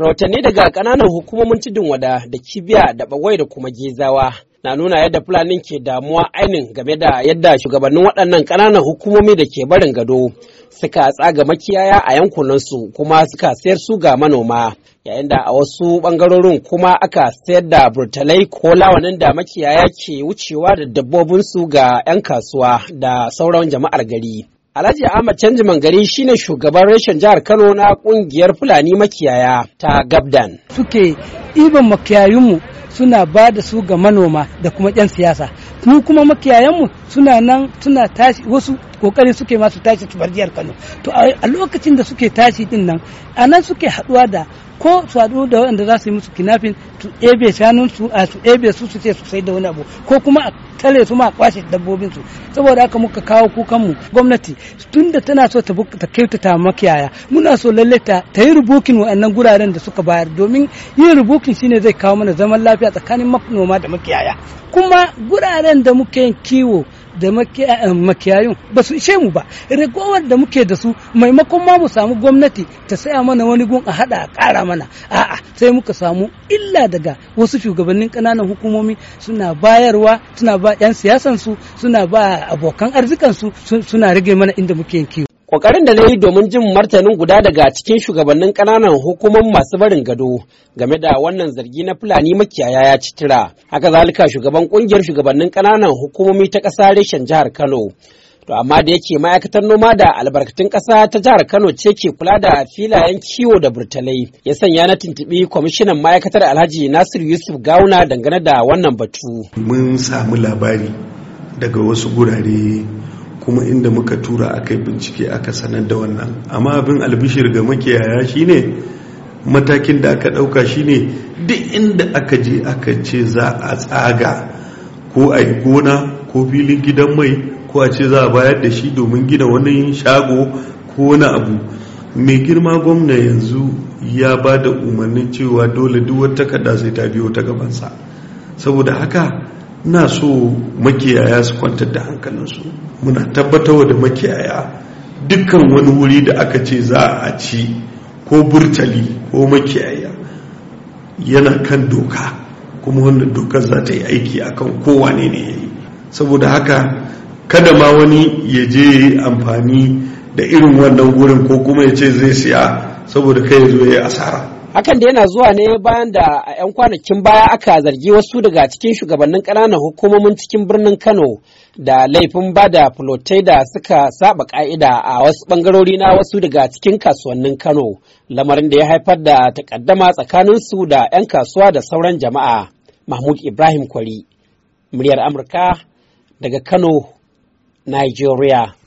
rahotanni daga ƙananan hukumomin tudun wada da kibiya da bagwai da kuma gezawa na nuna yadda fulanin ke damuwa ainin game da yadda shugabannin waɗannan ƙananan hukumomi da ke barin gado suka tsaga makiyaya a yankunansu kuma suka sayar su ga manoma yayin da a wasu ɓangarorin kuma aka sayar da burtalai ko lawanin da makiyaya ke wucewa da dabbobinsu ga 'yan kasuwa da sauran jama'ar gari Alhaji Ahmad Canji Mangari shine shugaban reshen jihar Kano na kungiyar Fulani makiyaya ta Gabdan. Suke ɗiban makiyayunmu suna ba da su ga manoma da kuma 'yan siyasa. Mu kuma makiyayanmu suna nan suna tashi wasu kokari suke masu tashi su bar jihar Kano to a lokacin da suke tashi din nan anan suke haɗuwa da ko su haɗu da waɗanda za su yi musu kinafin su ebe shanun su a su ebe su su ce su sai da wani abu ko kuma a tare su ma a kwashe dabbobin su saboda haka muka kawo kukan mu gwamnati tunda tana so ta ta kyautata makiyaya muna so lalle ta ta yi rubukin waɗannan guraren da suka bayar domin yin rubukin shine zai kawo mana zaman lafiya tsakanin manoma da makiyaya kuma guraren da muke yin kiwo da eh, eh, makiyayun ba su ishe mu ba ragowar da muke da su maimakon ma mu samu gwamnati ta saya mana wani gun a hada a kara mana a'a sai muka samu illa daga wasu shugabannin kananan hukumomi suna bayarwa suna ba yan siyasan su suna ba abokan arzikansu suna rage mana inda muke yin kiwo Ƙoƙarin da na yi domin jin martanin guda daga cikin shugabannin ƙananan hukumar masu barin gado game da wannan zargi na Fulani makiyaya ya ci tira. Haka zalika shugaban ƙungiyar shugabannin ƙananan hukumomi ta ƙasa reshen jihar Kano. To amma da yake ma'aikatar noma da albarkatun ƙasa ta jihar Kano ce ke kula da filayen kiwo da burtalai ya sanya na tuntuɓi kwamishinan ma'aikatar Alhaji Nasir Yusuf gauna dangane da wannan batu. Mun samu labari daga wasu gurare kuma inda muka tura aka yi bincike aka sanar da wannan amma abin albishir ga makiyaya shine matakin da aka ɗauka shine duk inda aka je aka ce za a tsaga ko a yi gona ko filin gidan mai ko a ce za a bayar da shi domin gina wani shago ko wani abu mai girma gwamna yanzu ya ba da umarnin cewa dole duk wata sai ta biyo ta gabansa saboda haka na so makiyaya su kwantar da hankalinsu muna tabbatar da makiyaya dukkan wani wuri da aka ce za a ci ko burtali ko makiyaya yana kan doka kuma wannan dokar za ta yi aiki akan kowane ne ya yi saboda haka kada ma wani ya je ya yi amfani da irin wannan wurin ko kuma ya ce zai siya saboda kai ya zo ya yi asara Hakan da yana zuwa ne bayan da a 'yan kwanakin baya aka zargi wasu daga cikin shugabannin ƙananan hukumomin cikin birnin Kano da laifin bada da da suka saba ƙa'ida a wasu ɓangarori na wasu daga cikin kasuwannin Kano, lamarin da ya haifar da takaddama tsakaninsu da 'yan kasuwa da sauran jama'a. Mahmud Ibrahim Kwari, muryar Amurka daga Kano, Nigeria.